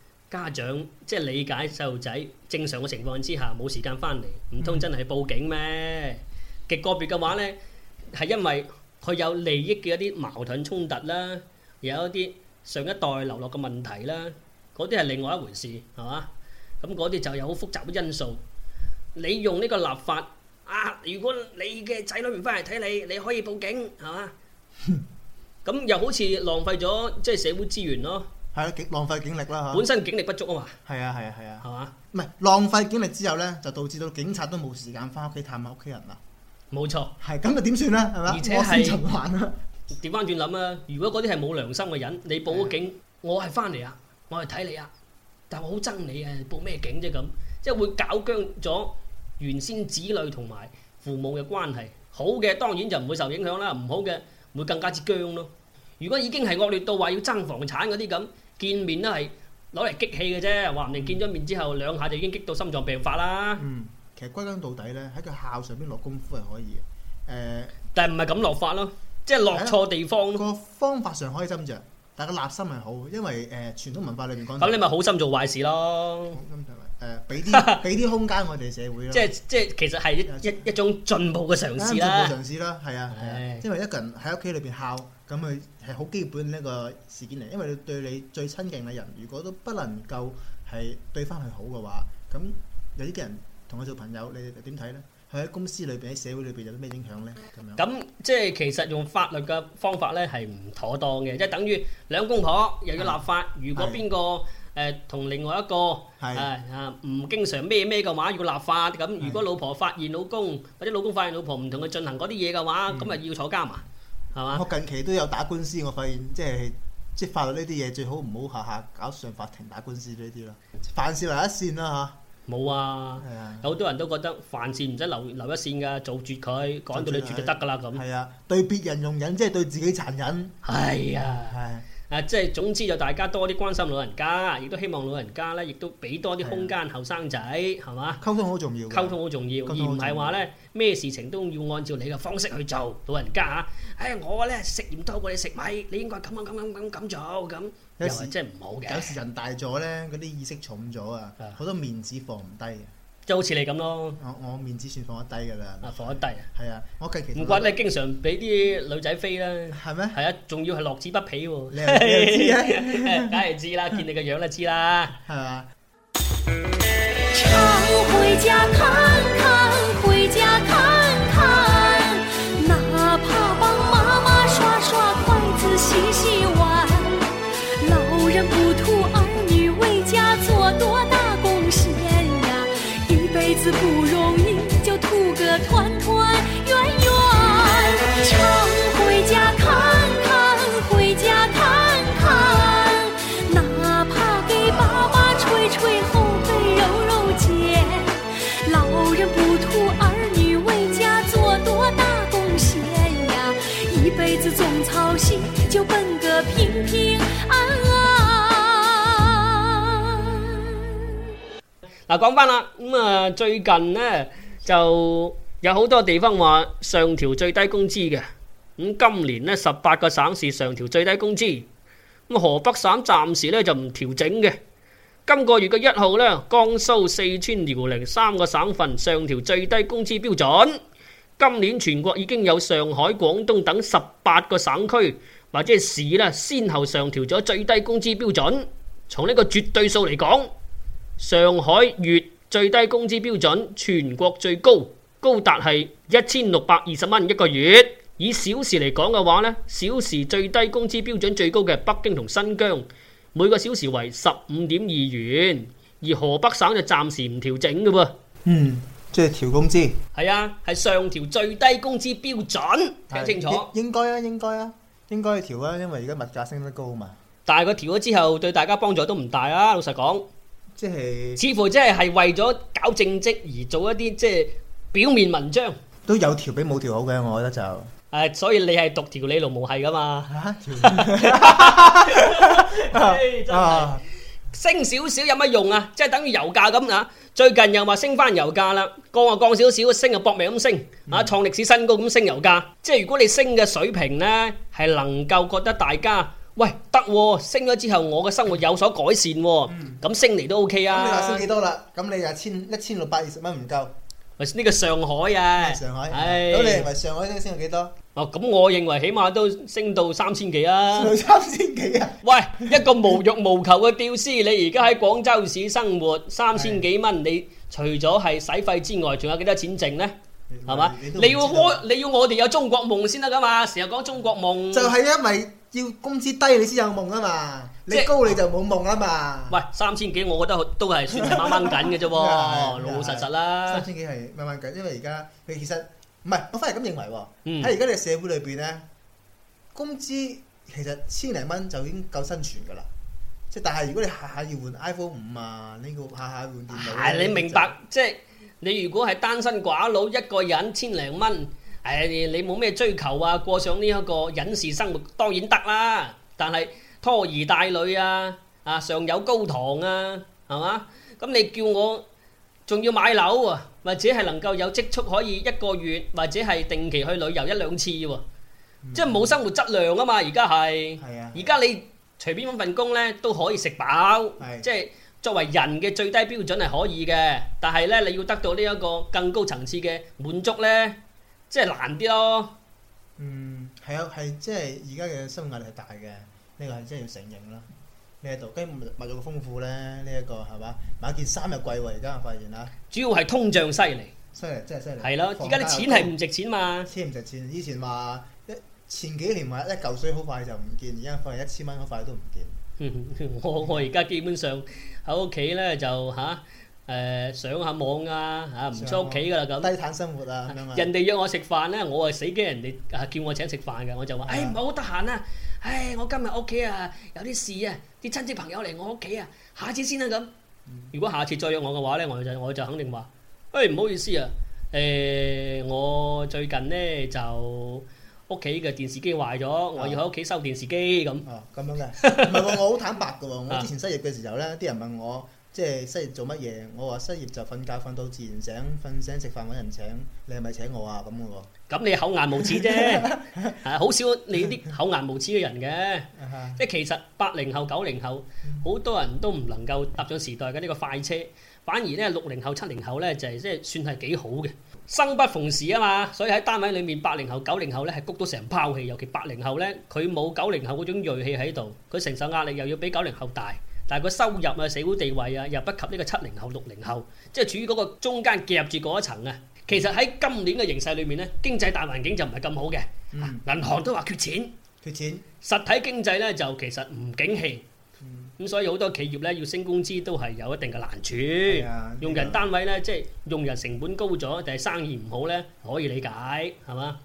家長即係理解細路仔正常嘅情況之下冇時間翻嚟，唔通真係去報警咩？極個別嘅話呢，係因為佢有利益嘅一啲矛盾衝突啦，有一啲上一代留落嘅問題啦，嗰啲係另外一回事，係嘛？咁嗰啲就有好複雜嘅因素。你用呢個立法啊，如果你嘅仔女唔翻嚟睇你，你可以報警，係嘛？咁又好似浪費咗即係社會資源咯。係啦，極、啊、浪費警力啦，本身警力不足啊嘛，係啊係啊係啊，係嘛、啊？唔係、啊、吧浪費警力之後咧，就導致到警察都冇時間翻屋企探下屋企人啦。冇錯錯，係咁就點算啦，係嘛？惡性循環啦。調翻轉諗啊，如果嗰啲係冇良心嘅人，你報咗警，啊、我係翻嚟啊，我係睇你啊，但係我好憎你啊，你報咩警啫、啊、咁，即係會搞僵咗原先子女同埋父母嘅關係。好嘅，當然就唔會受影響啦；唔好嘅，會更加之僵咯。如果已經係惡劣到話要爭房產嗰啲咁，見面都係攞嚟激氣嘅啫，話唔定見咗面之後、嗯、兩下就已經激到心臟病發啦。嗯，其實歸根到底咧，喺佢孝上邊落功夫係可以嘅。呃、但係唔係咁落法咯，即係落錯地方咯。個方法上可以斟酌，但係個立心係好，因為誒、呃、傳統文化裏邊講。咁你咪好心做壞事咯？好心俾啲俾啲空間我哋社會咯。即係即係，其實係一是的一,一種進步嘅嘗試啦。進步的嘗試啦，係啊，的因為一個人喺屋企裏邊孝。咁佢係好基本呢個事件嚟，因為你對你最親近嘅人，如果都不能夠係對翻佢好嘅話，咁有啲人同佢做朋友，你點睇呢？佢喺公司裏邊、喺社會裏邊有啲咩影響呢？咁樣咁即係其實用法律嘅方法呢係唔妥當嘅，即係等於兩公婆又要立法。的如果邊個誒同另外一個係的啊唔經常咩咩嘅話，要立法咁。如果老婆發現老公的或者老公發現老婆唔同佢進行嗰啲嘢嘅話，咁咪的要坐監啊？係嘛？我近期都有打官司，我發現即係即係法律呢啲嘢最好唔好下下搞上法庭打官司呢啲啦。凡事留一線啦，吓冇啊！有好、啊啊、多人都覺得凡事唔使留留一線噶，做絕佢，趕到你絕就得噶啦咁。係啊，樣啊，對別人容忍即係對自己殘忍。係啊，係、啊。誒、啊，即係總之就大家多啲關心老人家，亦都希望老人家咧，亦都俾多啲空間後生仔，係嘛的？溝通好重，重要。溝通好重要，而唔係話咧咩事情都要按照你嘅方式去做，老人家嚇。誒、哎，我咧食鹽多過你食米，你應該咁樣咁樣咁咁做咁。有時真係唔好嘅。有時人大咗咧，嗰啲意識重咗啊，好的多面子放唔低嘅。就好似你咁咯，我我面子算放得低噶啦，啊、係咪放得低啊？係、okay，啊，我近期唔怪你，經常俾啲女仔飛啦。係咩？係啊，仲要係樂此不疲喎、啊，梗係知啦、啊， *laughs* 知 *laughs* 見你個樣就知啦，係嘛？嗱，講翻啦，咁啊最近咧就有好多地方話上調最低工資嘅，咁今年咧十八個省市上調最低工資，咁河北省暫時咧就唔調整嘅。今個月嘅一號咧，江蘇、四川、遼寧三個省份上調最低工資標準。今年全國已經有上海、廣東等十八個省區或者係市咧，先後上調咗最低工資標準。從呢個絕對數嚟講。上海月最低工資標準全國最高，高達係一千六百二十蚊，一個月。以小時嚟講嘅話呢，小時最低工資標準最高嘅係北京同新疆，每個小時為十五點二元。而河北省就暫時唔調整嘅喎。嗯，即係調工資係啊，係上調最低工資標準。聽清楚，應該啊，應該啊，應該調啊，因為而家物價升得高嘛。但係佢調咗之後，對大家幫助都唔大啊，老實講。即係，似乎即係係為咗搞政績而做一啲即係表面文章，都有條俾冇條好嘅，我覺得就誒，所以你係獨條理論冇係噶嘛吓，升少少有乜用啊？即係等於油價咁啊！最近又話升翻油價啦，降又降少少，升又搏命咁升啊，創歷史新高咁升油價。即係如果你升嘅水平咧，係能夠覺得大家。喂，得升咗之後，我嘅生活有所改善，咁升嚟都 OK 啊。咁你話升幾多啦？咁你又千一千六百二十蚊唔夠？呢個上海啊，上海，咁你認為上海升升到幾多？哦，咁我認為起碼都升到三千幾啊。升到三千幾啊？喂，一個無欲無求嘅屌絲，你而家喺廣州市生活三千幾蚊，你除咗係使費之外，仲有幾多錢剩呢？係嘛？你要我你要我哋有中國夢先得噶嘛？成日講中國夢，就係因為。要工資低你先有夢啊嘛，你高你就冇夢啊嘛即。喂，三千幾我覺得都係算係掹掹緊嘅啫，老老實實啦。三千幾係掹掹緊，因為而家其實唔係，我反而咁認為喎。喺而家嘅社會裏邊咧，工資其實千零蚊就已經夠生存噶啦。即係，但係如果你下下要換 iPhone 五啊，呢個下下要換電腦、啊，係、啊、你明白？就即係你如果係單身寡佬一個人一千，千零蚊。誒，你冇咩追求啊？過上呢一個隱士生活當然得啦，但係拖兒帶女啊，啊上有高堂啊，係嘛？咁你叫我仲要買樓啊？或者係能夠有積蓄可以一個月或者係定期去旅遊一兩次，即係冇生活質量啊嘛？而家係，係啊，而家你隨便揾份工呢都可以食飽，即係作為人嘅最低標準係可以嘅。但係呢，你要得到呢一個更高層次嘅滿足呢。即係難啲咯。嗯，係啊，係即係而家嘅生活壓力係大嘅，呢、這個係真係要承認啦。呢度，跟物物種嘅豐富咧，呢、這、一個係嘛？買件衫又貴喎，而家我發現啦。主要係通脹犀利，犀利真係犀利。係咯的，而家啲錢係唔值錢嘛？錢唔值錢，以前話前幾年話一嚿水好快就唔見，而家發現一千蚊好快都唔見。 *laughs* 我我而家基本上喺屋企咧就吓。誒、呃，上下網啊，吓、啊、唔出屋企噶啦咁，是是樣低碳生活啊，人哋約我食飯咧，我啊死驚人哋啊叫我請食飯嘅，我就話，唉的，唔係好得閒啊，唉、哎、我今日屋企啊有啲事啊，啲親戚朋友嚟我屋企啊，下次先啦咁。嗯、如果下次再約我嘅話咧，我就我就肯定話，喂、哎，唔好意思啊，誒、哎、我最近咧就屋企嘅電視機壞咗，我要喺屋企收電視機咁。哦、啊，咁樣嘅，唔係喎，我好坦白嘅喎， *laughs* 我之前失業嘅時候咧，啲人問我。即係失業做乜嘢？我話失業就瞓覺，瞓到自然醒，瞓醒食飯揾人請。你係咪請我啊？咁咁你厚顏無恥啫，好、 *laughs* 啊、少你啲厚顏無恥嘅人嘅。 *laughs* 即係其實八零後九零後好多人都唔能夠踏上時代嘅呢、這個快車，反而咧六零後七零後咧就係、是、即算係幾好嘅。生不逢時啊嘛，所以喺單位裏面八零後九零後咧係谷到成泡氣。尤其八零後咧佢冇九零後嗰種鋭氣喺度，佢承受壓力又要比九零後大。但係個收入啊、社會地位啊，又不及呢個七零後、六零後，即係處於嗰個中間夾住嗰一層啊。其實喺今年嘅形勢裏面咧，經濟大環境就唔係咁好嘅，嗯、銀行都話缺錢，缺錢，實體經濟咧就其實唔景氣，咁、嗯、所以好多企業咧要升工資都係有一定嘅難處。啊、用人單位咧即係用人成本高咗，但係生意唔好咧，可以理解係嘛？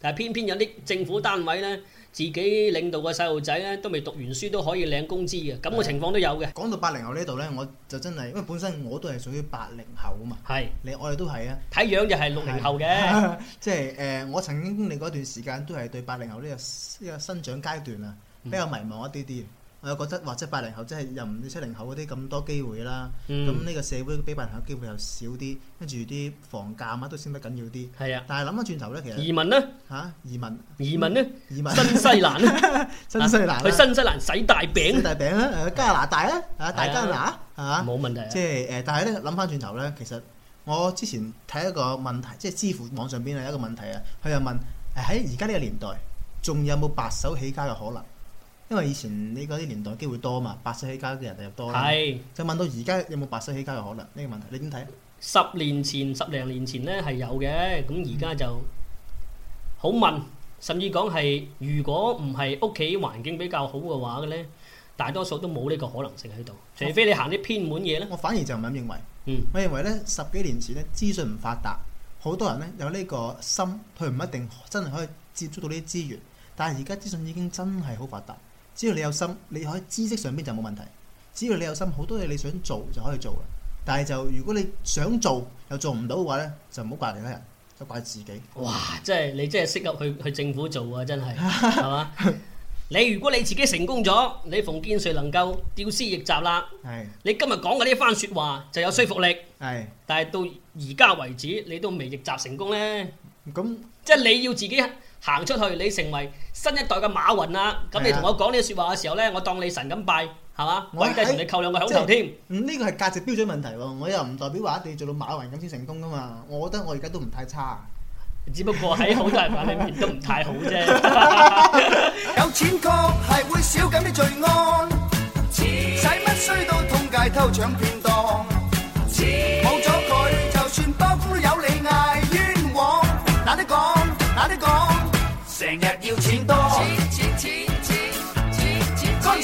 但係偏偏有啲政府單位咧。嗯自己領導個細路仔呢，都未讀完書都可以領工資嘅，咁嘅情況都有嘅。講到八零後呢度呢，我就真係，因為本身我都係屬於八零後啊嘛。係是，你我哋都係啊。睇樣就係六零後嘅，即係是 *laughs* 、就係呃、我曾經經歷嗰段時間都係對八零後呢、呢個呢、呢個生長階段啊，比較迷茫一啲啲。嗯我又覺得，或者八零後即係又唔似七零後嗰啲咁多機會啦。咁呢個社會俾八零後機會又少啲，跟住啲房價乜都升得緊要啲。係啊，但係諗翻轉頭咧，其實移民咧嚇，移民移民咧，移民新西蘭咧，新西蘭去新西蘭洗大餅，洗大餅啦，加拿大啦，啊，大加拿大係嘛，冇問題。即係誒，但係咧諗翻轉頭咧，其實我之前睇一個問題，即係知乎網上邊係一個問題啊。佢又問誒喺而家呢個年代，仲有冇白手起家嘅可能？因為以前呢個啲年代機會多嘛，白手起家嘅人又多。係，就問到而家有冇白手起家嘅可能呢個問題？你點睇？十年前，十零年前呢係有嘅，咁而家就好問，甚至講係如果唔係屋企環境比較好嘅話嘅呢，大多數都冇呢個可能性喺度。除非你行啲偏門嘢。呢，我反而就唔係咁認為，嗯，我認為呢，十幾年前咧資訊唔發達，嗯，好多人呢有呢個心，佢唔一定真係可以接觸到呢啲資源。但係而家資訊已經真係好發達。只要你有心，你喺知識上邊就冇問題。只要你有心，好多嘢你想做就可以做啦。但係就如果你想做又做唔到嘅話呢就唔好怪其他人，就怪自己。哇！即係你真係適合去去政府做啊！真係係嘛？你如果你自己成功咗，你馮建瑞能夠屌絲逆襲啦。係的，你今日講嘅呢番説話就有說服力。係，但係到而家為止，你都未逆襲成功呢？咁那即係你要自己。行出去，你成為新一代嘅馬雲啦。咁你同我講呢個説話嘅時候咧，的我當你神咁拜，係嘛？我依家同你扣兩個響頭添。呢個係價值標準問題喎，我又唔代表話一定要做到馬雲咁先成功噶嘛。我覺得我而家都唔太差，只不過喺好 *laughs* 多人眼裏面都唔太好啫。 *laughs* *laughs* 有錢確係會少咁啲罪案，使乜衰到通街偷搶騙當，冇咗佢就算包公都由你壓，啊。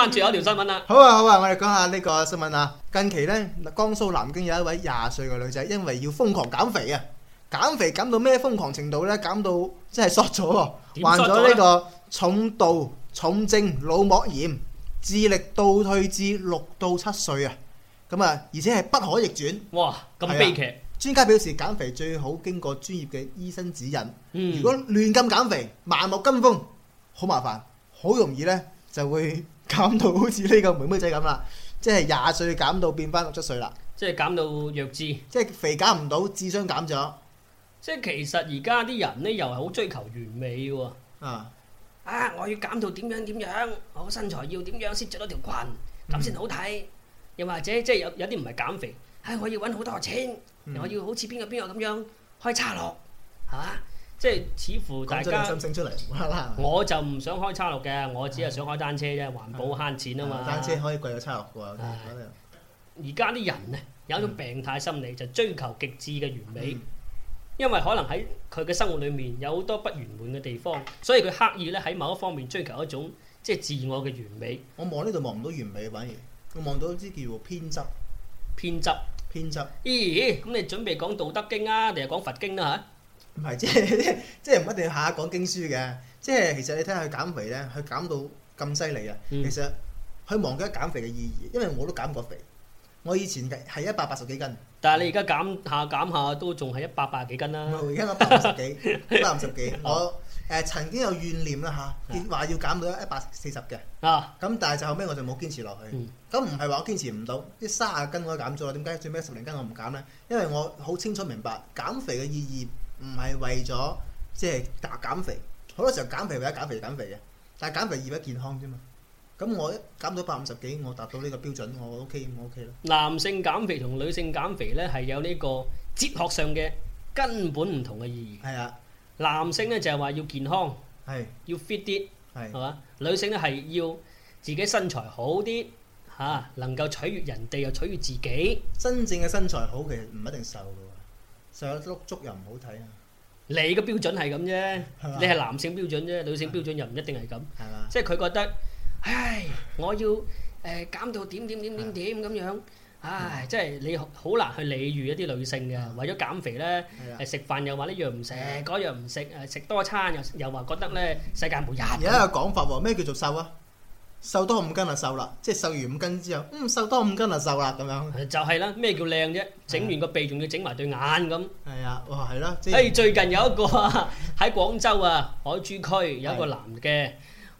關注一條新聞啦，好啊好啊，我哋講下呢個新聞啊。近期呢，江蘇南京有一位廿歲嘅女仔，因為要瘋狂減肥啊，減肥減到咩瘋狂程度呢？減到真係縮咗，患咗呢個重度重症腦膜炎，智力倒退至六到七歲啊！咁啊，而且係不可逆轉。哇，咁悲劇！專家表示，減肥最好經過專業嘅醫生指引。嗯，如果亂咁減肥，盲目跟風，好麻煩，好容易呢就會。減到好似呢個妹妹仔咁啦，即係廿歲減到變翻六七歲啦。即係減到弱智，即係肥減唔到，智商減咗。即係其實而家啲人咧，又係好追求完美喎。啊啊，我要減到點樣點樣，我身材要點樣先着到條裙，咁先好睇。嗯、又或者即係有有啲唔係減肥，唉、哎，我要揾好多錢，我、嗯、要好似邊個邊個咁樣開叉落，係嘛？啊。即係似乎大家講出啲心聲出嚟，我就唔想開叉六嘅，我只係想開單車啫，環保慳錢啊嘛！單車可以貴過叉六嘅。而家啲人呢，有一種病態心理，嗯、就追求極致嘅完美，嗯、因為可能喺佢嘅生活裏面有好多不圓滿嘅地方，所以佢刻意咧喺某一方面追求一種即係自我嘅完美。我望呢度望唔到完美反而，我望到啲叫偏執。偏執側，偏執側。咦、欸？咁你準備講道德經啊？定係講佛經啦、啊、嚇？唔係，即係即係唔一定要下下講經書嘅。即係其實你睇下佢減肥咧，佢減到咁犀利啊！嗯、其實佢忘記咗減肥嘅意義，因為我都減過肥。我以前係一百八十幾斤，但係你而家減下減下都仲係一百八十幾斤啦、啊。 *laughs* 我而家一百五十幾，一百五十幾。我誒曾經有怨念啦嚇，話要減到一百四十嘅。啊！咁但係就後尾我就冇堅持落去。咁唔係話我堅持唔到，啲三啊斤我都減咗。點解最尾十零斤我唔減咧？因為我好清楚明白減肥嘅意義。唔係為咗即係打減肥，好多時候減肥為咗減肥減肥嘅，但係減肥而為健康啫嘛。咁我一減到百五十幾，我達到呢個標準，我 O K，我 O K 咯。男性減肥同女性減肥呢係有呢個哲學上嘅根本唔同嘅意義。係啊，男性呢就係話要健康，係是要 fit 啲，係係嘛？女性呢係要自己身材好啲，吓能夠取悦人哋又取悦自己。真正嘅身材好其實唔一定瘦。就有碌竹又唔好睇啊！你嘅標準係咁啫，你係男性標準啫，女性標準又唔一定係咁，係嘛？即係佢覺得，唉，我要誒減到點點點點點咁樣，唉，即係你好難去理喻一啲女性嘅，為咗減肥咧，誒食飯又話呢樣唔食，嗰樣唔食，誒食多餐又又話覺得咧世界末日。而家有一個講法話咩叫做瘦啊？瘦多五斤啊，瘦啦！即係瘦完五斤之後，嗯，瘦多五斤啊，瘦啦咁樣。就係啦，咩叫靚啫？整完個鼻仲要整埋對眼咁。係啊，哇，係啦。即係，最近有一個喺廣 *laughs* 州啊，海珠區有一個男嘅的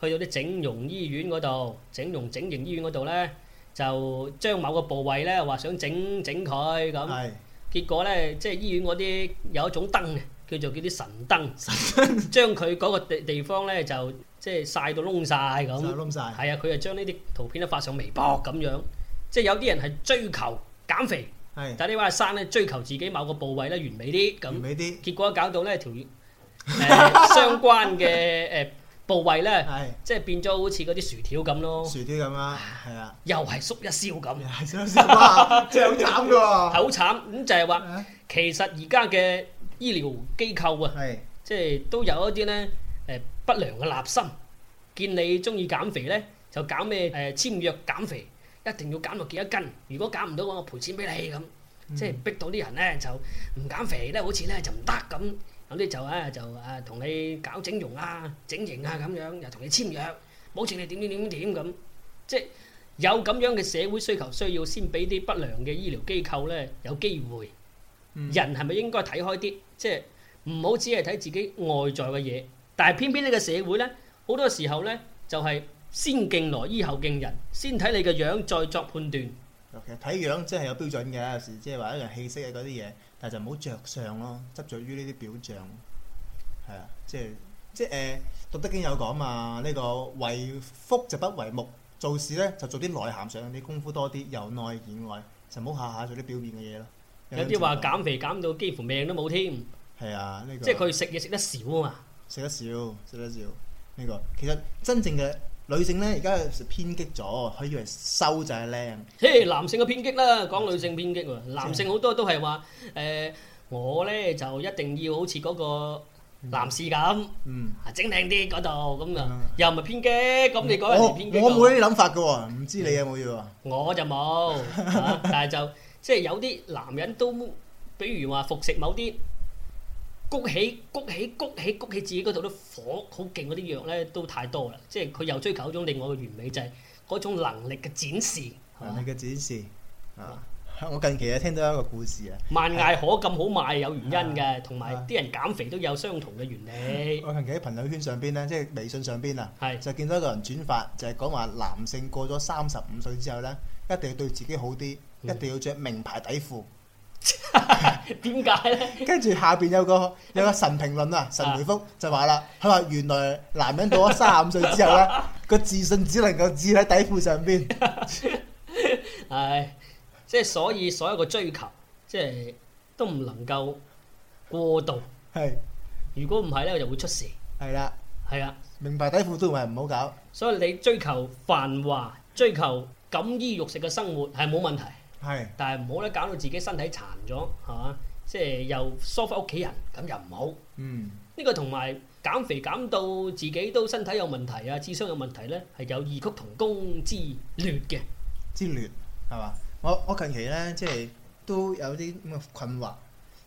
去到啲整容醫院嗰度，整容整形醫院嗰度咧，就將某個部位咧話想整整佢咁。係。的結果咧，即係醫院嗰啲有一種燈，叫做叫啲神燈，神燈 *laughs* 將佢嗰個地地方咧就。即係晒到窿曬咁，係啊，佢就將呢啲圖片咧發上微博咁樣，即係有啲人係追求減肥，但係你話生咧追求自己某個部位咧完美啲咁，完美啲，結果搞到咧條、呃、 *laughs* 相關嘅誒部位咧， *laughs* 即係變咗好似嗰啲薯條咁咯，薯條咁啊，係啊，係啊又係縮一燒咁，又係縮一燒，哇，真係好慘噶喎，係好慘，咁、 *laughs* 啊、就係、係、話其實而家嘅醫療機構啊， *laughs* 是即係都有一啲咧。誒，不良嘅立心見你中意減肥咧，就搞咩？誒、呃，簽約減肥，一定要減落幾多斤？如果減唔到嘅話，我賠錢俾你咁，即係逼到啲人咧就唔減肥咧，好似咧就唔得咁，咁啲就咧就啊同、啊啊、你搞整容啊、整形啊咁樣，又同你簽約，保證你點點點點咁，即係有咁樣嘅社會需求需要，先俾啲不良嘅醫療機構咧有機會。嗯、人係咪應該睇開啲？即係唔好只係睇自己外在嘅嘢。但係偏偏呢個社會咧，好多時候咧就係、是、先敬羅衣後敬人，先睇你嘅樣再作判斷。OK，睇樣即係有標準嘅，有時即係話一樣氣息啊嗰啲嘢，但係就唔好着相咯，執著於呢啲表象。係啊，即係即係誒，誒《道德經》有講啊嘛，呢個為腹就不為目，做事咧就做啲內涵上啲功夫多啲，由內而外，就唔好下下做啲表面嘅嘢咯。有啲話減肥減到幾乎命都冇添。係啊，呢、這個即係佢食嘢食得少啊嘛。食得少，食得少，呢、這個其實真正嘅女性咧，而家係偏激咗，佢以為收就係靚。嘿，hey, 男性嘅偏激啦，講女性偏激喎，的男性好多都係話，誒、呃、我咧就一定要好似嗰個男士咁，啊整靚啲嗰度咁啊，嗯、又唔係偏激，咁你嗰陣時偏激我。我冇呢啲諗法嘅喎，唔知你有冇要喎、嗯。我就冇、 *laughs* 啊，但係就即係有啲男人都，比如話服食某啲。谷起谷起谷起谷起自己嗰度啲火好勁嗰啲藥咧，都太多啦，即係佢又追求一種另外嘅完美，就係嗰種能力嘅展示。能力嘅展示啊！我近期啊聽到一個故事啊，萬艾可咁好賣有原因嘅，同埋啲人減肥都有相同嘅原理。我近期喺朋友圈上邊咧，即係微信上邊啊，就見到一個人轉發，就係講話男性過咗三十五歲之後咧，一定要對自己好啲，一定要著名牌底褲。點解 *laughs* 呢？跟住下邊有個有個神評論啊， *laughs* 神回覆就話啦，佢話 *laughs* 原來男人到咗三十五歲之後呢，個 *laughs* 自信只能夠置喺底褲上邊 *laughs* 哎。係，即係所以所有嘅追求，即係都唔能夠過度。係的，如果唔係咧，就會出事。係啦的，係啊的，名牌底褲都唔係唔好搞。所以你追求繁華，追求錦衣玉食嘅生活係冇問題。係，是但係唔好咧，搞到自己身體殘咗，係嘛？即係又疏忽屋企人，咁又唔好。嗯，呢個同埋減肥減到自己都身體有問題啊，智商有問題呢，係有異曲同工之劣嘅。之劣係嘛？我我近期呢，即係都有啲咁嘅困惑。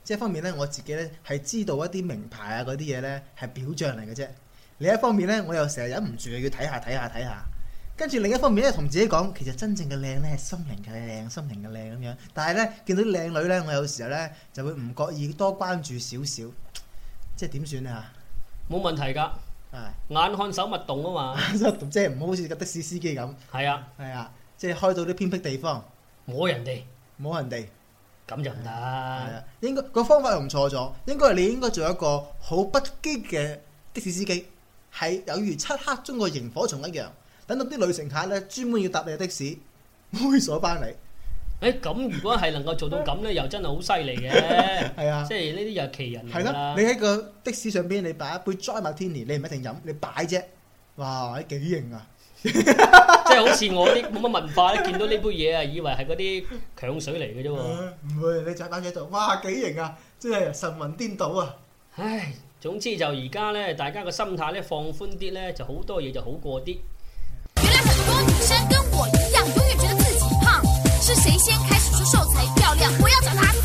即係一方面呢，我自己呢係知道一啲名牌啊嗰啲嘢呢係表象嚟嘅啫。另一方面呢，我又成日忍唔住要睇下睇下睇下。跟住另一方面咧，同自己講，其實真正嘅靚咧係心靈嘅靚，心靈嘅靚咁樣。但係咧，見到啲靚女咧，我有時候咧就會唔覺意多關注少少，即係點算啊？冇問題㗎，唉眼看手勿動啊嘛，即係唔好好似個的士司機咁。係啊，係啊，即係開到啲偏僻地方，摸人哋，摸人哋，咁就唔得。係啊，啊，應該、嗰個方法用錯咗，應該係你應該做一個好不羈嘅的，的士司機，係有如漆黑中嘅螢火蟲一樣。咁啲女乘客咧，專門要搭你嘅的士，猥瑣翻嚟。誒，咁如果係能夠做到咁咧，又真係好犀利嘅。係啊，即係呢啲又係奇人嚟啦。你喺個的士上邊，你擺一杯 dry martini，你唔一定飲，你擺啫。哇，幾型啊！即係好似我啲冇乜文化咧，見到呢杯嘢啊，以為係嗰啲強水嚟嘅啫喎。唔會，你就擺喺度，哇，幾型啊！真係神魂顛倒啊！唉，總之就而家咧，大家個心態咧放寬啲咧，就好多嘢就好過啲。原來很多女生跟我一樣，永遠覺得自己胖。是誰先開始說瘦才漂亮？我要找她。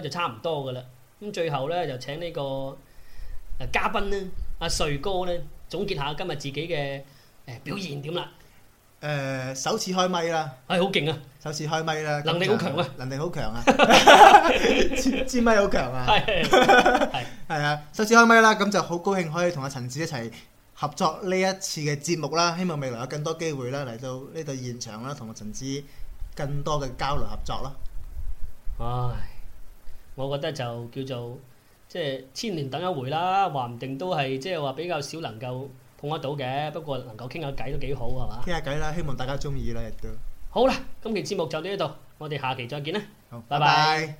就差唔多噶啦。咁最後咧就請呢個嘉賓呢，阿、啊、瑞哥呢，總結下今日自己嘅誒表現點啦。誒、呃，首次開咪啦，係好勁啊！首次開咪啦，能力好強啊！能力好強啊！支咪好強啊！係係啊！首次開咪啦，咁就好高興可以陳子同阿陳志一齊合作呢一次嘅節目啦。希望未來有更多機會啦嚟到呢度現場啦，同阿陳志更多嘅交流合作啦。唉。我覺得就叫做即係千年等一回啦，話唔定都係即係話比較少能夠碰得到嘅，不過能夠傾下偈都幾好係嘛？傾下偈啦，希望大家中意啦亦都，好啦，今期節目就到呢度，我哋下期再見啦。好拜拜。拜拜。